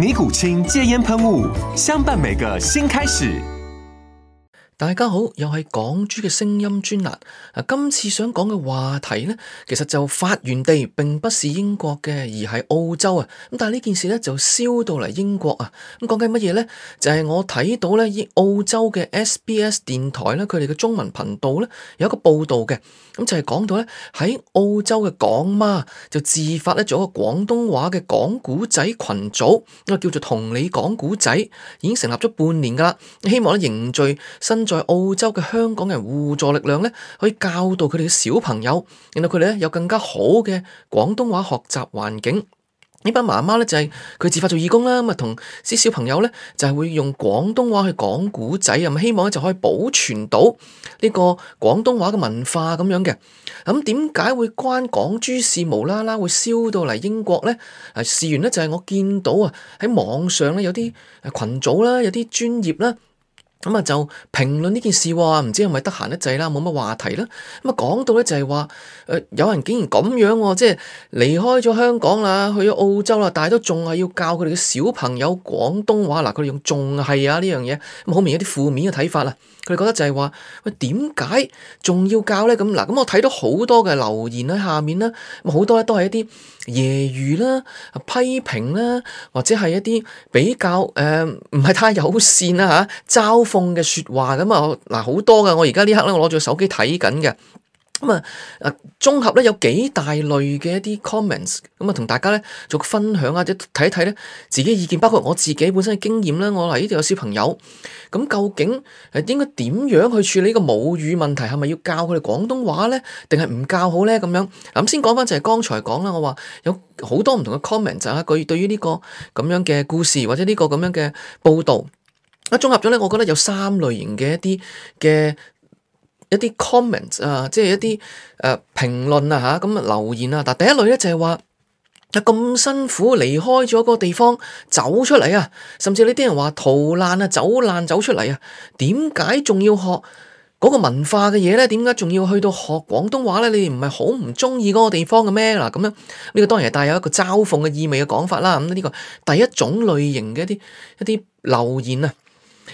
尼古清戒煙噴霧，相伴每個新開始。大家好，又係港豬嘅聲音專欄。啊，今次想講嘅話題呢，其實就發源地並不是英國嘅，而係澳洲啊。咁但係呢件事呢，就燒到嚟,英國啊。咁講緊乜嘢呢？就係、是、我睇到呢，澳洲嘅 SBS 電台呢，佢哋嘅中文頻道呢，有一個報道嘅。咁就係講到咧，喺澳洲嘅港媽就自發咧做個廣東話嘅講古仔群組，一個叫做同你講古仔，已經成立咗半年㗎喇。希望咧凝聚身在澳洲嘅香港人互助力量咧，可以教導佢哋嘅小朋友，令到佢哋咧有更加好嘅廣東話學習環境。媽媽，呢班媽媽咧就係佢自發做義工啦，咁啊同啲小朋友咧就係會用廣東話去講古仔，咁希望咧就可以保存到呢個廣東話嘅文化咁樣嘅。咁點解會關廣珠事無啦啦會燒到嚟英國咧？啊，事源咧就係我見到啊喺網上咧有啲群組啦，有啲專業啦。咁啊、嗯、就評論呢件事喎，唔知係咪得閒得滯啦，冇乜話題啦。咁啊講到咧就係話，誒、呃、有人竟然咁樣，即係離開咗香港啦，去咗澳洲啦，但係都仲係要教佢哋嘅小朋友廣東話。嗱，佢哋用仲係啊呢樣嘢，好明顯啲負面嘅睇法啊。佢哋覺得就係話，喂點解仲要教咧？咁、嗯、嗱，咁、嗯、我睇到好多嘅留言喺下面啦，咁好多咧都係一啲。揶揄啦、批評啦，或者係一啲比較誒唔係太友善啦嚇、啊，嘲諷嘅説話咁啊，嗱，好多㗎。我而家呢刻咧，我攞住手機睇緊嘅。咁啊，誒綜合咧有幾大類嘅一啲 comments，咁啊同大家咧做分享啊，或者睇一睇咧自己嘅意見，包括我自己本身嘅經驗咧，我嚟呢度有小朋友，咁究竟誒應該點樣去處理呢個母語問題？係咪要教佢哋廣東話咧，定係唔教好咧咁樣？咁先講翻就係剛才講啦，我話有好多唔同嘅 comments 啊，佢對於呢個咁樣嘅故事或者呢個咁樣嘅報導，一綜合咗咧，我覺得有三類型嘅一啲嘅。一啲 comments 啊，即係一啲誒評論啊嚇，咁留言啊。嗱，第一類咧就係話，咁辛苦離開咗個地方走出嚟啊，甚至你啲人話逃難啊、走難走出嚟啊，點解仲要學嗰個文化嘅嘢咧？點解仲要去到學廣東話咧？你唔係好唔中意嗰個地方嘅咩？嗱，咁樣呢個當然係帶有一個嘲諷嘅意味嘅講法啦。咁、嗯、呢、呢個第一種類型嘅一啲一啲留言啊。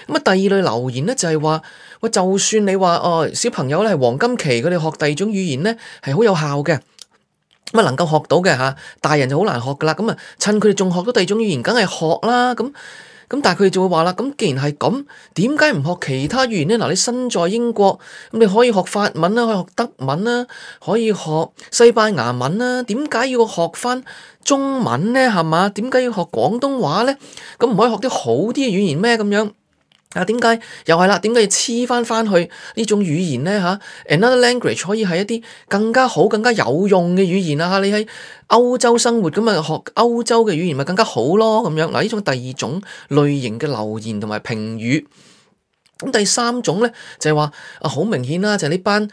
咁啊，第二類留言咧就係話：喂，就算你話哦，小朋友咧係黃金期，佢哋學第二種語言咧係好有效嘅，咁啊能夠學到嘅嚇，大人就好難學噶啦。咁啊，趁佢哋仲學到第二種語言，梗係學啦。咁咁，但係佢哋就會話啦：咁既然係咁，點解唔學其他語言咧？嗱，你身在英國，咁你可以學法文啦，可以學德文啦，可以學西班牙文啦，點解要學返中文咧？係嘛？點解要學廣東話咧？咁唔可以學啲好啲嘅語言咩？咁樣？嗱，點解又係啦？點解要黐翻翻去呢種語言咧？嚇，another language 可以係一啲更加好、更加有用嘅語言啊！你喺歐洲生活咁咪，學歐洲嘅語言咪更加好咯咁樣。嗱，呢種第二種類型嘅留言同埋評語，咁第三種咧就係話啊，好明顯啦，就係呢班。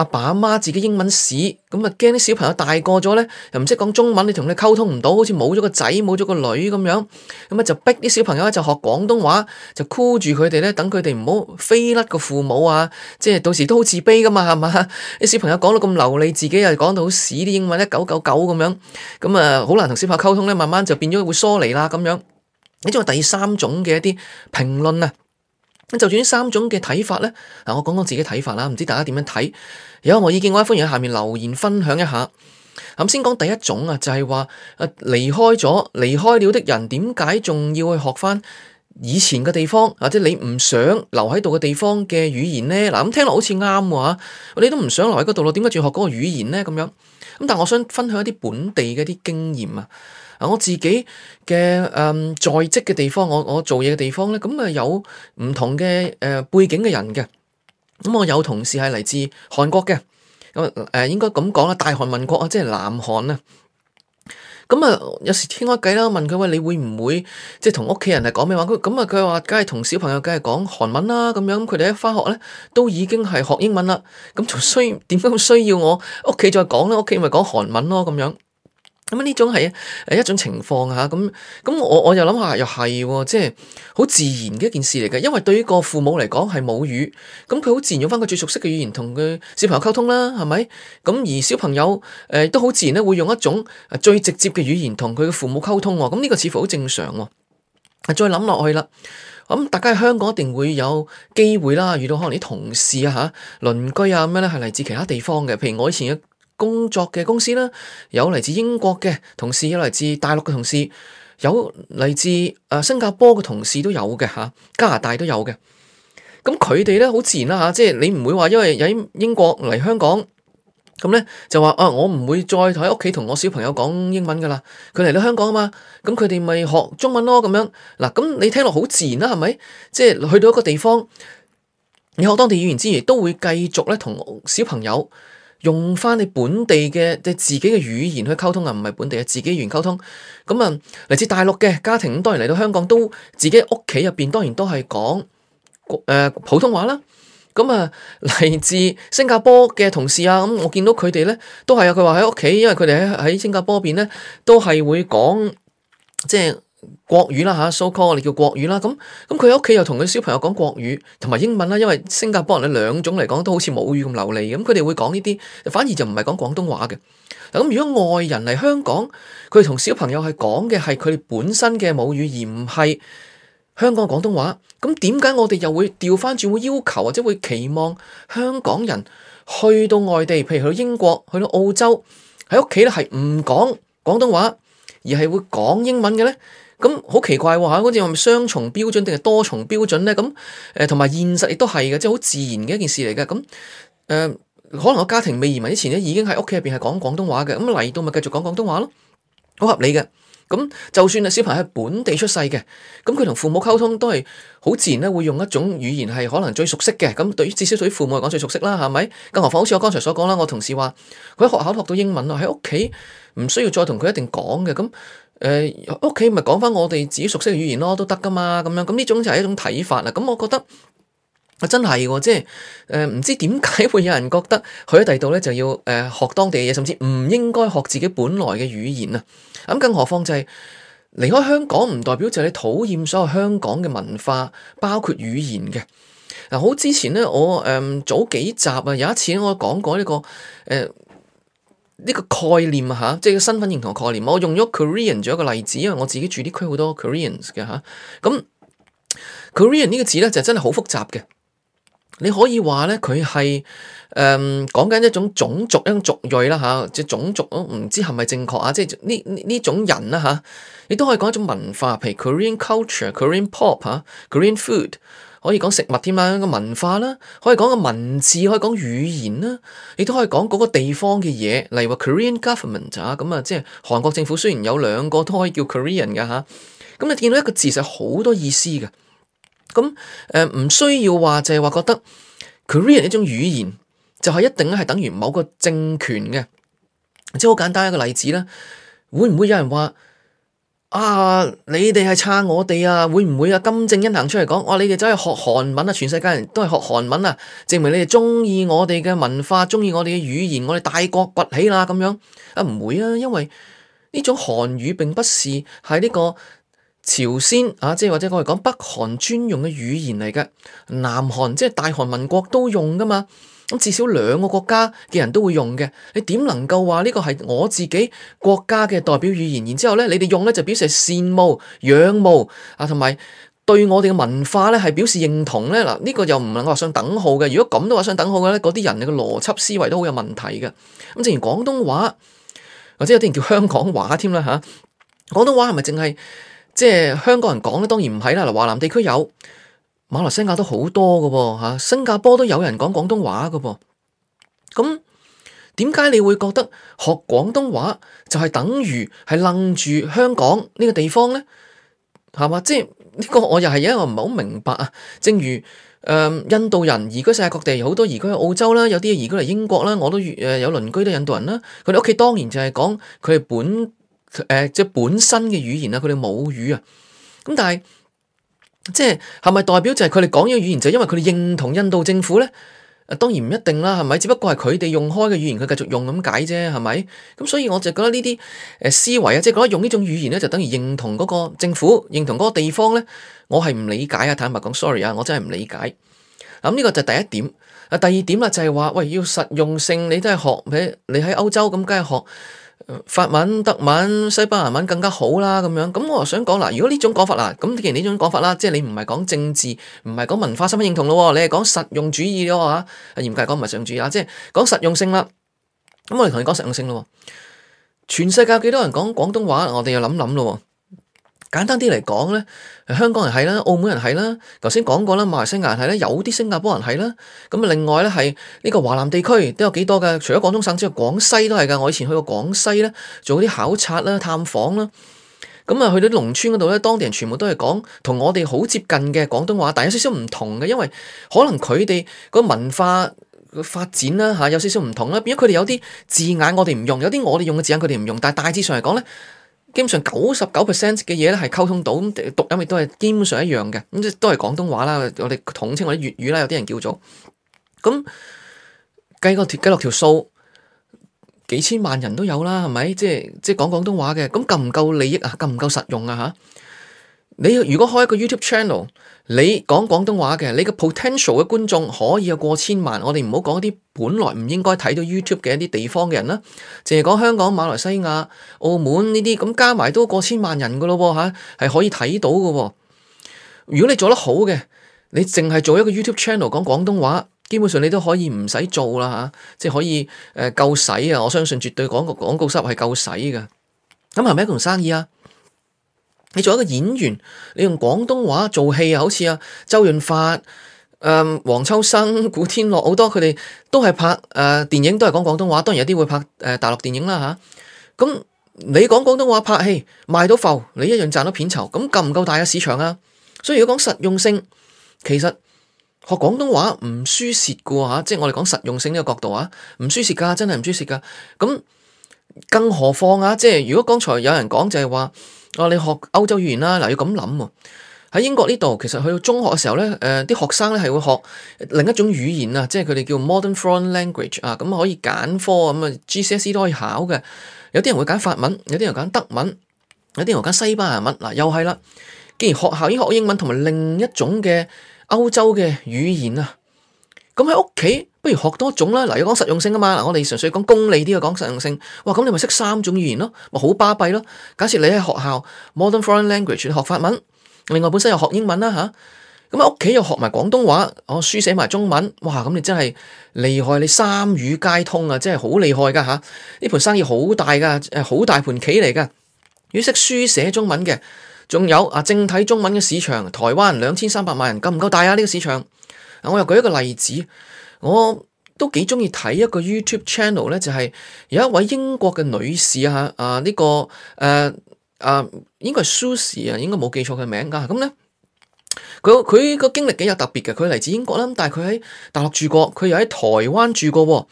阿爸阿媽自己英文屎咁啊，驚啲小朋友大個咗咧，又唔識講中文，你同佢溝通唔到，好似冇咗個仔冇咗個女咁樣，咁啊就逼啲小朋友咧就學廣東話，就箍住佢哋咧，等佢哋唔好飛甩個父母啊，即係到時都好自卑噶嘛，係嘛？啲小朋友講到咁流利，自己又講到好屎啲英文，一九九九咁樣，咁啊好難同小朋友溝通咧，慢慢就變咗會疏離啦咁樣。呢種係第三種嘅一啲評論啊。就住呢三種嘅睇法呢，嗱我講講自己睇法啦，唔知大家點樣睇？有冇意見嘅話，歡迎喺下面留言分享一下。咁先講第一種啊，就係話啊離開咗離開了的人，點解仲要去學翻以前嘅地方，或者你唔想留喺度嘅地方嘅語言呢？嗱咁聽落好似啱喎，你都唔想留喺度咯，點解仲要學嗰個語言呢？咁樣咁，但係我想分享一啲本地嘅啲經驗啊。我自己嘅誒、嗯、在職嘅地方，我我做嘢嘅地方咧，咁、嗯、啊有唔同嘅誒、呃、背景嘅人嘅，咁、嗯、我有同事係嚟自韓國嘅，咁、嗯、誒、呃、應該咁講啦，大韓民國啊，即係南韓啊，咁、嗯、啊有時傾開計傾開偈啦，問佢喂你會唔會即係同屋企人係講咩話？咁咁啊佢話，梗係同小朋友梗係講韓文啦，咁樣佢哋一返學咧都已經係學英文啦，咁仲需點解要需要我屋企再講咧？屋企咪講韓文咯，咁樣。咁呢、嗯、種係一種情況嚇，咁、啊、咁、嗯嗯、我我又諗下，又係、哦、即係好自然嘅一件事嚟嘅，因為對於個父母嚟講係母語，咁佢好自然用翻佢最熟悉嘅語言同佢小朋友溝通啦，係咪？咁、嗯、而小朋友誒、呃、都好自然咧，會用一種最直接嘅語言同佢嘅父母溝通，咁、嗯、呢、這個似乎好正常、哦。啊，再諗落去啦，咁、嗯、大家喺香港一定會有機會啦，遇到可能啲同事啊、嚇鄰居啊咁樣咧，係嚟自其他地方嘅，譬如我以前工作嘅公司啦，有嚟自英國嘅同事，有嚟自大陸嘅同事，有嚟自誒新加坡嘅同事都有嘅吓，加拿大都有嘅。咁佢哋咧好自然啦、啊、吓，即係你唔會話因為喺英國嚟香港咁咧，就話啊我唔會再喺屋企同我小朋友講英文噶啦，佢嚟到香港啊嘛，咁佢哋咪學中文咯咁樣嗱，咁你聽落好自然啦、啊，係咪？即係去到一個地方，你學當地語言之餘，都會繼續咧同小朋友。用返你本地嘅即係自己嘅語言去溝通啊，唔係本地嘅自己語言溝通。咁啊，嚟自大陸嘅家庭當然嚟到香港，都自己屋企入邊，當然都係講誒普通話啦。咁啊，嚟自新加坡嘅同事啊，咁我見到佢哋咧都係啊，佢話喺屋企，因為佢哋喺喺新加坡邊咧都係會講即係。國語啦吓，so call 你叫國語啦，咁咁佢喺屋企又同佢小朋友講國語同埋英文啦，因為新加坡人咧兩種嚟講都好似母語咁流利嘅，咁佢哋會講呢啲，反而就唔係講廣東話嘅。嗱，咁如果外人嚟香港，佢哋同小朋友係講嘅係佢哋本身嘅母語，而唔係香港廣東話，咁點解我哋又會調翻轉會要求或者會期望香港人去到外地，譬如去到英國、去到澳洲，喺屋企咧係唔講廣東話，而係會講英文嘅咧？咁好、嗯、奇怪喎，好似話雙重標準定係多重標準咧？咁誒同埋現實亦都係嘅，即係好自然嘅一件事嚟嘅。咁、嗯、誒可能我家庭未移民之前咧，已經喺屋企入邊係講廣東話嘅。咁、嗯、嚟到咪繼續講廣東話咯，好合理嘅。咁、嗯、就算啊，小朋友喺本地出世嘅，咁佢同父母溝通都係好自然咧，會用一種語言係可能最熟悉嘅。咁對於至少對於父母嚟講最熟悉啦，係咪？更何況好似我剛才所講啦，我同事話佢喺學校都學到英文啦，喺屋企唔需要再同佢一定講嘅咁。嗯誒屋企咪講返我哋自己熟悉嘅語言咯，都得㗎嘛。咁樣，咁呢種就係一種睇法啦。咁我覺得真係喎，即係誒唔知點解會有人覺得去咗第度咧就要誒、呃、學當地嘅嘢，甚至唔應該學自己本來嘅語言啊！咁更何況就係、是、離開香港唔代表就係你討厭所有香港嘅文化，包括語言嘅嗱。好、呃、之前咧，我誒、呃、早幾集啊，有一次我講過呢、這個誒。呃呢個概念嚇、啊，即係個身份認同概念。我用咗 Korean 做一個，例子因為我自己住啲區好多 Koreans 嘅嚇。咁、啊、Korean 呢個字咧就是、真係好複雜嘅。你可以話咧佢係誒講緊一種種族，一種族裔啦嚇，即係種族哦，唔知係咪正確啊？即係呢呢呢種人啦嚇、啊，你都可以講一種文化，譬如 Korean culture、Korean pop 嚇、啊、Korean food。可以講食物添啦，文化啦，可以講個文字，可以講語言啦，你都可以講嗰個地方嘅嘢，例如話 Korean government 啊，咁啊，即係韓國政府雖然有兩個都可以叫 Korean 嘅嚇，咁、啊、你見到一個字實好多意思嘅，咁誒唔需要話就係、是、話覺得 Korean 呢種語言就係一定咧係等於某個政權嘅，即係好簡單一個例子啦，會唔會有人話？啊！你哋係撐我哋啊？會唔會啊？金正恩行出嚟講，哇、啊！你哋走去學韓文啊！全世界人都係學韓文啊！證明你哋中意我哋嘅文化，中意我哋嘅語言，我哋大國崛起啦咁樣啊？唔會啊，因為呢種韓語並不是係呢個朝鮮啊，即係或者我哋講北韓專用嘅語言嚟噶，南韓即係大韓民國都用噶嘛。至少兩個國家嘅人都會用嘅，你點能夠話呢個係我自己國家嘅代表語言？然之後咧，你哋用咧就表示係羨慕、仰慕啊，同埋對我哋嘅文化咧係表示認同咧。嗱，呢個又唔能夠話上等號嘅。如果咁都話上等號嘅咧，嗰啲人嘅邏輯思維都好有問題嘅。咁、嗯、正如廣東話，或者有啲人叫香港話添啦嚇。啊、廣東話係咪淨係即係香港人講咧？當然唔係啦。嗱，華南地區有。馬來西亞都好多嘅喎，新加坡都有人講廣東話嘅噃，咁點解你會覺得學廣東話就係等於係愣住香港呢個地方咧？係嘛？即係呢、呢個我又係一個唔係好明白啊。正如誒、嗯、印度人移居世界各地，好多移居去澳洲啦，有啲移居嚟英國啦，我都誒有鄰居都係印度人啦，佢哋屋企當然就係講佢哋本誒、呃、即係本身嘅語言啊，佢哋母語啊，咁但係。即係係咪代表就係佢哋講嘅語言就係因為佢哋認同印度政府呢？當然唔一定啦，係咪？只不過係佢哋用開嘅語言佢繼續用咁解啫，係咪？咁所以我就覺得呢啲思維啊，即係覺得用呢種語言咧，就等於認同嗰個政府，認同嗰個地方呢。我係唔理解啊。坦白講，Sorry 啊，我真係唔理解。咁呢個就第一點。啊，第二點啦就係話喂，要實用性你都係學，你你喺歐洲咁梗係學。法文、德文、西班牙文更加好啦，咁樣，咁、嗯、我又想講嗱，如果呢種講法嗱，咁既然呢種講法啦，即係你唔係講政治，唔係講文化，身份認同咯，你係講實用主義咯吓，嚴、啊、格講唔係實用主義啊，即係講實用性啦。咁、嗯、我哋同你講實用性咯。全世界幾多人講廣東話，我哋又諗諗咯。簡單啲嚟講咧，香港人係啦，澳門人係啦，頭先講過啦，馬來西亞人係啦，有啲新加坡人係啦。咁啊，另外咧係呢個華南地區都有幾多噶，除咗廣東省之外，廣西都係噶。我以前去過廣西咧，做啲考察啦、探訪啦。咁啊，去到農村嗰度咧，當地人全部都係講同我哋好接近嘅廣東話，但係有少少唔同嘅，因為可能佢哋個文化發展啦嚇，有少少唔同啦，變咗佢哋有啲字眼我哋唔用，有啲我哋用嘅字眼佢哋唔用，但大致上嚟講咧。基本上九十九 percent 嘅嘢咧，係溝通到，咁讀音亦都係基本上一樣嘅，咁即係都係廣東話啦，我哋統稱或者粵語啦，有啲人叫做。咁計個計落條數，幾千萬人都有啦，係咪？即係即係講廣東話嘅，咁夠唔夠利益啊？夠唔夠實用啊？嚇？你如果開一個 YouTube channel，你講廣東話嘅，你個 potential 嘅觀眾可以有過千萬。我哋唔好講啲本來唔應該睇到 YouTube 嘅一啲地方嘅人啦，淨係講香港、馬來西亞、澳門呢啲，咁加埋都過千萬人噶咯喎，吓係可以睇到嘅。如果你做得好嘅，你淨係做一個 YouTube channel 講廣東話，基本上你都可以唔使做啦，吓即係可以誒夠使啊！我相信絕對廣告廣告收入係夠使嘅。咁係咪一種生意啊？你做一個演員，你用廣東話做戲啊，好似啊周潤發、誒、呃、黃秋生、古天樂好多，佢哋都係拍誒電影，都係講廣東話。當然有啲會拍誒、呃、大陸電影啦吓。咁、啊、你講廣東話拍戲賣到浮，你一樣賺到片酬。咁夠唔夠大嘅市場啊？所以如果講實用性，其實學廣東話唔輸蝕噶吓，即係我哋講實用性呢個角度啊，唔輸蝕噶，真係唔輸蝕噶。咁更何況啊，即係如果剛才有人講就係話。哦、啊，你學歐洲語言啦，嗱，要咁諗喎。喺英國呢度，其實去到中學嘅時候咧，誒、呃、啲學生咧係會學另一種語言啊，即係佢哋叫 Modern Foreign Language 啊，咁可以揀科咁啊，GCSE 都可以考嘅。有啲人會揀法文，有啲人揀德文，有啲人揀西班牙文，嗱、啊、又係啦。既然學校已經學英文同埋另一種嘅歐洲嘅語言啊。咁喺屋企，不如學多種啦。嗱，要講實用性啊嘛。嗱，我哋純粹講功利啲嘅講實用性。哇，咁你咪識三種語言咯，咪好巴閉咯。假設你喺學校 Modern Foreign Language 你學法文，另外本身又學英文啦吓，咁喺屋企又學埋廣東話，哦，書寫埋中文。哇，咁你真係厲害，你三語皆通啊，真係好厲害噶吓，呢盤生意好大噶，誒好大盤棋嚟噶。如果識書寫中文嘅，仲有啊正體中文嘅市場，台灣兩千三百萬人，夠唔夠大啊？呢個市場？我又舉一個例子，我都幾鍾意睇一個 YouTube channel 咧，就係有一位英國嘅女士啊，這個、啊呢個誒啊應該係 Susie 啊，應該冇記錯佢名㗎。咁咧，佢佢個經歷幾有特別嘅，佢嚟自英國啦，但係佢喺大陸住過，佢又喺台灣住過喎，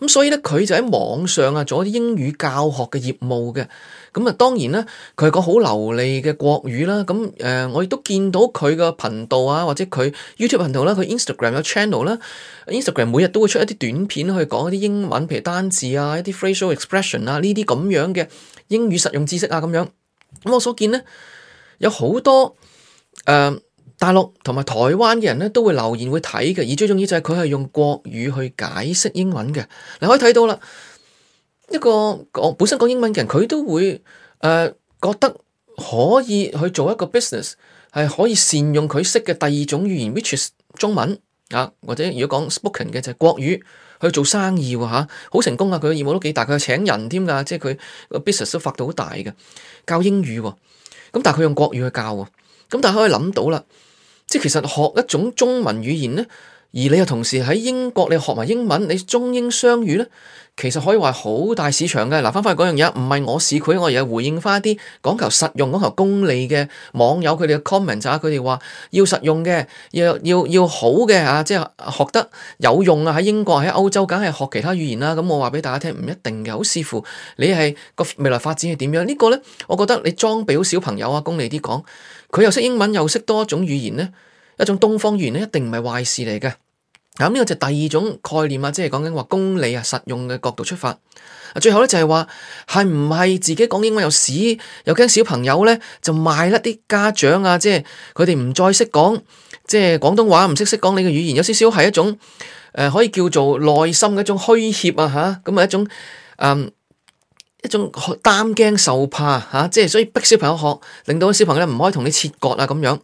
咁所以咧佢就喺網上啊做一啲英語教學嘅業務嘅。咁啊，當然啦，佢係講好流利嘅國語啦。咁誒、呃，我亦都見到佢嘅頻道啊，或者佢 YouTube 頻道啦、啊，佢 Instagram 嘅 channel 啦、啊。Instagram 每日都會出一啲短片去講一啲英文，譬如單字啊、一啲 facial expression 啊呢啲咁樣嘅英語實用知識啊咁樣。咁我所見咧，有好多誒、呃、大陸同埋台灣嘅人咧都會留言會睇嘅，而最重要就係佢係用國語去解釋英文嘅。你可以睇到啦。一個講本身講英文嘅人，佢都會誒、呃、覺得可以去做一個 business，係可以善用佢識嘅第二種語言，which is 中文啊，或者如果講 spoken 嘅就係、是、國語去做生意喎好、啊、成功啊！佢嘅業務都幾大，佢請人添㗎，即係佢個 business 都發到好大嘅教英語喎，咁、啊、但係佢用國語去教喎，咁、啊、但係可以諗到啦，即係其實學一種中文語言咧。而你又同時喺英國，你學埋英文，你中英雙語咧，其實可以話好大市場嘅。嗱，翻返去嗰樣嘢，唔係我市儈，我而家回應翻啲講求實用、講求功利嘅網友佢哋嘅 comments 啊，佢哋話要實用嘅，要要要好嘅，吓啊，即係學得有用啊！喺英國、喺歐洲，梗係學其他語言啦。咁我話俾大家聽，唔一定嘅，好視乎你係個未來發展係點樣。這個、呢個咧，我覺得你裝備好小朋友啊，功利啲講，佢又識英文，又識多種語言咧。一種東方語言咧，一定唔係壞事嚟嘅。咁呢個就第二種概念啊，即係講緊話公理啊、實用嘅角度出發。啊，最後咧就係話係唔係自己講英文有屎又驚小朋友咧，就賣甩啲家長啊，即係佢哋唔再識講，即係廣東話唔識識講你嘅語言，有少少係一種誒、呃，可以叫做內心嘅一種虛怯啊吓，咁啊一種嗯、呃、一種擔驚受怕吓、啊，即係所以逼小朋友學，令到小朋友咧唔可以同你切割啊咁樣。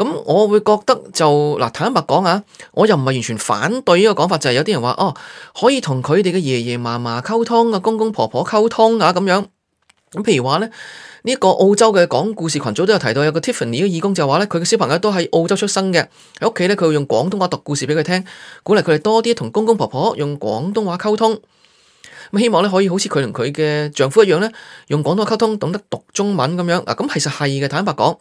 咁、嗯、我會覺得就嗱坦白講啊，我又唔係完全反對呢個講法，就係、是、有啲人話哦，可以同佢哋嘅爺爺嫲嫲溝通啊，公公婆婆溝通啊咁樣。咁、嗯、譬如話呢，呢、這個澳洲嘅講故事群組都有提到有個 Tiffany 嘅義工就話呢佢嘅小朋友都喺澳洲出生嘅，喺屋企呢，佢會用廣東話讀故事俾佢聽，鼓勵佢哋多啲同公公婆婆用廣東話溝通。咁、嗯、希望呢可以好似佢同佢嘅丈夫一樣呢用廣東話溝通，懂得讀中文咁樣啊。咁、嗯、其實係嘅，坦白講。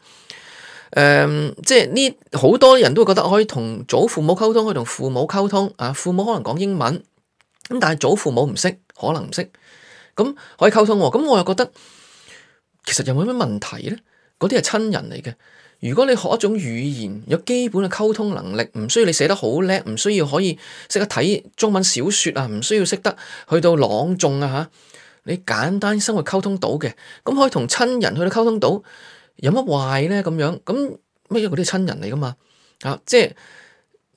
誒，即係呢好多人都覺得可以同祖父母溝通，可以同父母溝通啊。父母可能講英文，咁但係祖父母唔識，可能唔識，咁可以溝通。咁、嗯、我又覺得其實有冇咩問題咧？嗰啲係親人嚟嘅。如果你學一種語言，有基本嘅溝通能力，唔需要你寫得好叻，唔需要可以識得睇中文小說啊，唔需要識得去到朗誦啊吓，你簡單生活溝通到嘅，咁可以同親人去到溝通到。有乜壞咧？咁樣咁咩？佢哋親人嚟噶嘛？啊，即係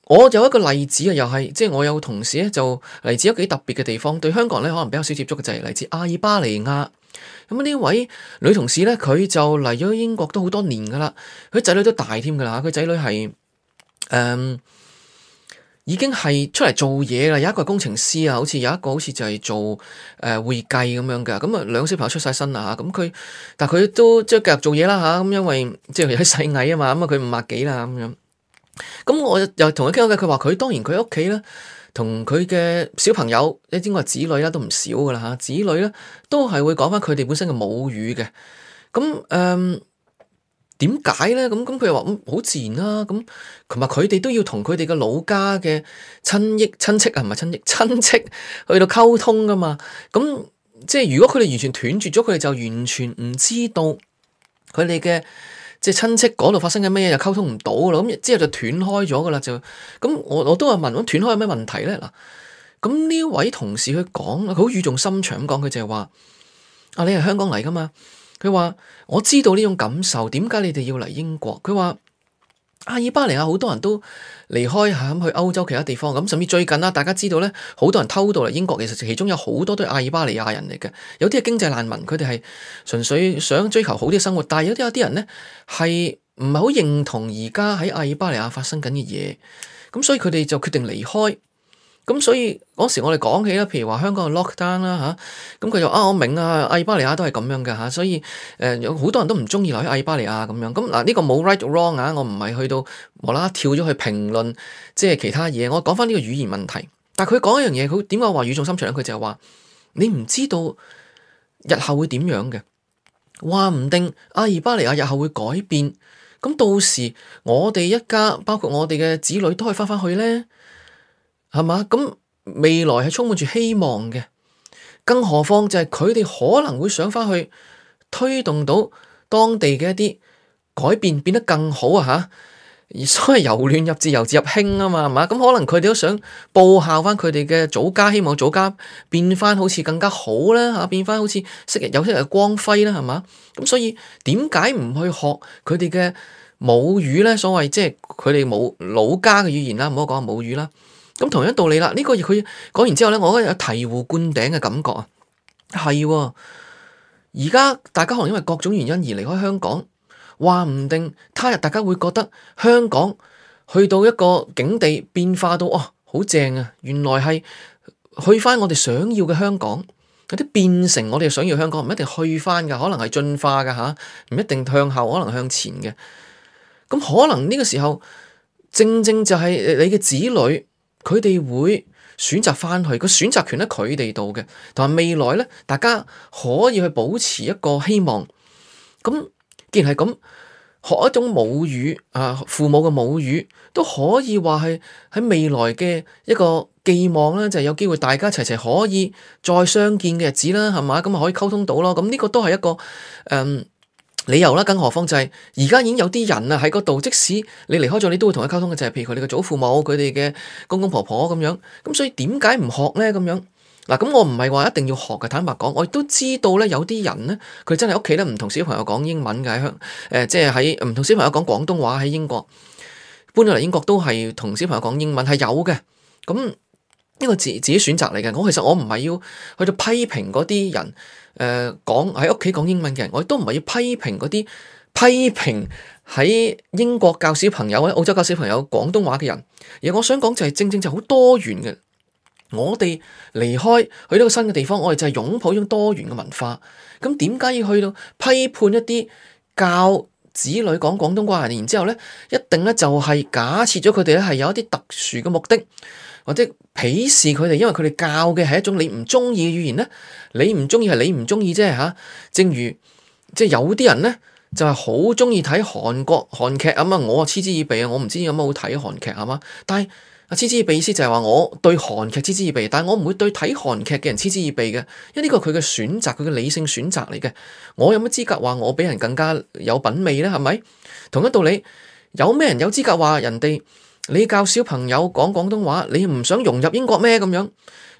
我有一個例子啊，又係即係我有同事咧，就嚟自一個幾特別嘅地方。對香港人咧，可能比較少接觸嘅就係、是、嚟自阿爾巴尼亞。咁、嗯、呢位女同事咧，佢就嚟咗英國都好多年噶啦，佢仔女都大添噶啦，佢仔女係誒。嗯已經係出嚟做嘢啦，有一個工程師啊，好似有一個好似就係做誒會計咁樣嘅，咁啊兩個小朋友出晒身啦吓，咁佢但佢都即係繼續做嘢啦吓，咁因為即係又喺細藝啊嘛，咁啊佢五廿幾啦咁樣，咁我又同佢傾下偈，佢話佢當然佢屋企咧，同佢嘅小朋友，你知我講子女啦都唔少噶啦吓，子女咧都係會講翻佢哋本身嘅母語嘅，咁誒。嗯點解咧？咁咁佢又話好自然啦，啊。咁同埋佢哋都要同佢哋嘅老家嘅親戚親戚啊，唔係親戚親戚去到溝通噶嘛。咁即係如果佢哋完全斷絕咗，佢哋就完全唔知道佢哋嘅即係親戚嗰度發生緊咩，又溝通唔到咯。咁之後就斷開咗噶啦，就咁我我都係問，咁斷開有咩問題咧嗱？咁呢位同事佢講，佢好語重心長咁講，佢就係話：啊，你係香港嚟噶嘛？佢話我知道呢種感受，點解你哋要嚟英國？佢話阿爾巴尼亞好多人都離開下去歐洲其他地方咁，甚至最近啦、啊，大家知道咧，好多人偷渡嚟英國，其實其中有好多都係阿爾巴尼亞人嚟嘅，有啲係經濟難民，佢哋係純粹想追求好啲生活，但係有啲有啲人咧係唔係好認同而家喺阿爾巴尼亞發生緊嘅嘢，咁所以佢哋就決定離開。咁所以嗰時我哋講起啦，譬如話香港嘅 lockdown 啦、啊、嚇，咁佢就啊我明啊，阿爾巴尼亞都係咁樣嘅嚇、啊，所以誒有好多人都唔中意留喺阿爾巴尼亞咁樣。咁嗱呢個冇 right or wrong 啊，這個 right、or wrong，我唔係去到無啦啦跳咗去評論即係其他嘢。我講翻呢個語言問題，但係佢講一樣嘢，佢點解話語重心長咧？佢就係話你唔知道日後會點樣嘅，話唔定阿爾巴尼亞日後會改變，咁到時我哋一家包括我哋嘅子女都可以翻翻去咧。係嘛？咁未來係充滿住希望嘅，更何況就係佢哋可能會想翻去推動到當地嘅一啲改變，變得更好啊！嚇，而所以由亂入治，由治入興啊嘛，係嘛？咁可能佢哋都想報效翻佢哋嘅祖家，希望祖家變翻好似更加好啦嚇、啊，變翻好似昔日有昔日嘅光輝啦，係嘛？咁所以點解唔去學佢哋嘅母語咧？所謂即係佢哋母老家嘅語言啦，唔好講母語啦。咁同樣道理啦，呢、這個佢講完之後咧，我有醍醐灌頂嘅感覺啊，係而家大家可能因為各種原因而離開香港，話唔定他日大家會覺得香港去到一個境地變化到哦好正啊，原來係去翻我哋想要嘅香港，有啲變成我哋想要香港，唔一定去翻噶，可能係進化噶吓，唔一定向後，可能向前嘅。咁可能呢個時候正正就係你嘅子女。佢哋會選擇翻去，個選擇權喺佢哋度嘅。同埋未來咧，大家可以去保持一個希望。咁既然係咁，學一種母語啊，父母嘅母語都可以話係喺未來嘅一個寄望啦，就係有機會大家齊齊可以再相見嘅日子啦，係嘛？咁咪可以溝通到咯。咁呢個都係一個嗯，理由啦，更何況就係而家已經有啲人啊喺嗰度，即使你離開咗，你都會同佢溝通嘅，就係譬如佢哋嘅祖父母、佢哋嘅公公婆婆咁樣。咁所以點解唔學咧？咁樣嗱，咁我唔係話一定要學嘅。坦白講，我亦都知道咧，有啲人咧，佢真係屋企咧唔同小朋友講英文嘅喺香，誒即係喺唔同小朋友講廣東話喺英國。搬咗嚟英國都係同小朋友講英文係有嘅，咁。呢個自己選擇嚟嘅，我其實我唔係要去到批評嗰啲人，誒講喺屋企講英文嘅人，我亦都唔係要批評嗰啲批評喺英國教小朋友、喺澳洲教小朋友廣東話嘅人，而我想講就係正正就好多元嘅，我哋離開去到一個新嘅地方，我哋就係擁抱一種多元嘅文化，咁點解要去到批判一啲教？子女講廣東話，然之後咧，一定咧就係假設咗佢哋咧係有一啲特殊嘅目的，或者鄙視佢哋，因為佢哋教嘅係一種你唔中意嘅語言咧，你唔中意係你唔中意啫吓，正如即係、就是、有啲人咧就係好中意睇韓國韓劇咁啊，我嗤之以鼻啊，我唔知有冇好睇韓劇係嘛？但係。啊，嗤之以鼻意思就係話我對韓劇嗤之以鼻，但係我唔會對睇韓劇嘅人嗤之以鼻嘅，因為呢個係佢嘅選擇，佢嘅理性選擇嚟嘅。我有乜資格話我比人更加有品味咧？係咪？同一道理，有咩人有資格話人哋，你教小朋友講廣東話，你唔想融入英國咩？咁樣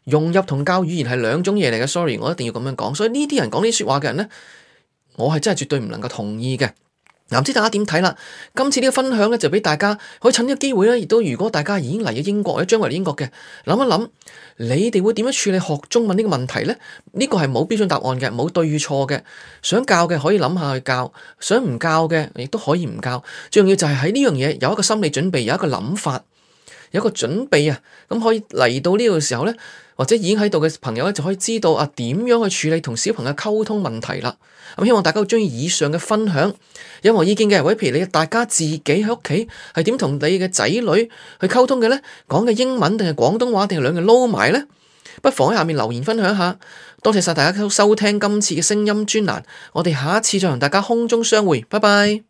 融入同教語言係兩種嘢嚟嘅。Sorry，我一定要咁樣講。所以呢啲人講呢啲說話嘅人咧，我係真係絕對唔能夠同意嘅。唔知大家點睇啦？今次呢個分享呢，就俾大家可以趁呢個機會咧，亦都如果大家已經嚟咗英國或者將來英國嘅，諗一諗你哋會點樣處理學中文呢個問題呢？呢個係冇標準答案嘅，冇對與錯嘅。想教嘅可以諗下去教，想唔教嘅亦都可以唔教。最重要就係喺呢樣嘢有一個心理準備，有一個諗法，有一個準備啊！咁可以嚟到呢個時候呢。或者已經喺度嘅朋友咧，就可以知道啊點樣去處理同小朋友溝通問題啦。咁希望大家鍾意以上嘅分享，有何意見嘅？或者譬如你大家自己喺屋企係點同你嘅仔女去溝通嘅咧？講嘅英文定係廣東話定係兩個撈埋咧？不妨喺下面留言分享下。多謝晒大家收收聽今次嘅聲音專欄，我哋下一次再同大家空中相會，拜拜。